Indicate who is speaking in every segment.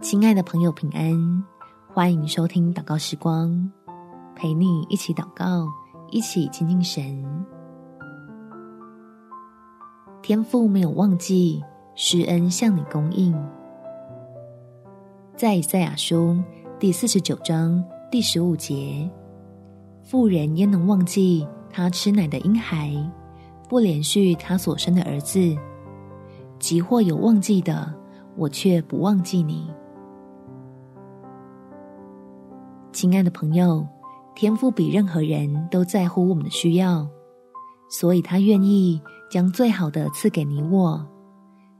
Speaker 1: 親愛的朋友，平安！歡迎收聽禱告時光，陪你一起禱告，一起親近神。天父沒有忘記，施恩向你供應，在以賽亞書第四十九章第十五節，婦人焉能忘記她吃奶的嬰孩，不憐恤她所生的兒子？即或有忘記的，我卻不忘記你。親愛的朋友，天父比任何人都在乎我們的需要，所以他願意將最好的賜給你我，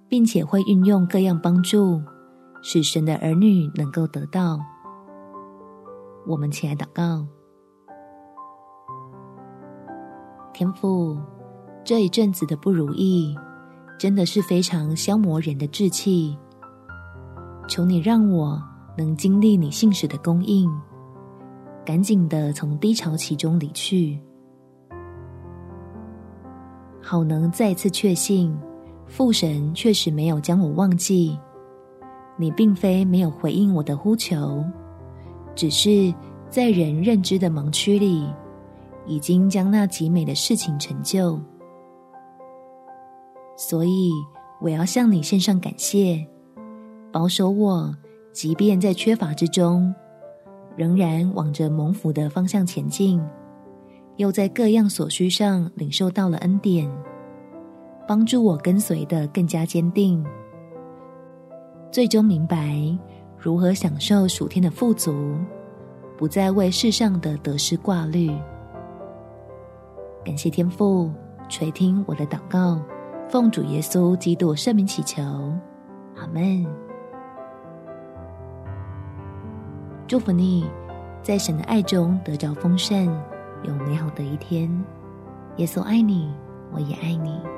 Speaker 1: 並且會運用各樣幫助，使神的兒女能夠得到。我們起來禱告：天父，這一陣子的不如意，真的是非常消磨人的志氣。求你讓我能經歷你信實的供應。趕緊的從低潮期中離去，好能再一次確信父神確實沒有將我忘記。你並非沒有回應我的呼求，只是在人認知的盲區裡，已經將那極美的事情成就。所以我要向你獻上感謝，保守我，即便在缺乏之中。仍然往着蒙福的方向前進，又在各樣所需上領受到了恩典，幫助我跟隨的更加堅定。最終明白如何享受屬天的富足，不再為世上的得失掛慮。感謝天父垂聽我的禱告，奉主耶穌基督聖名祈求，阿門。祝福你，在神的愛中得着豐盛，有美好的一天。耶穌愛你，我也愛你。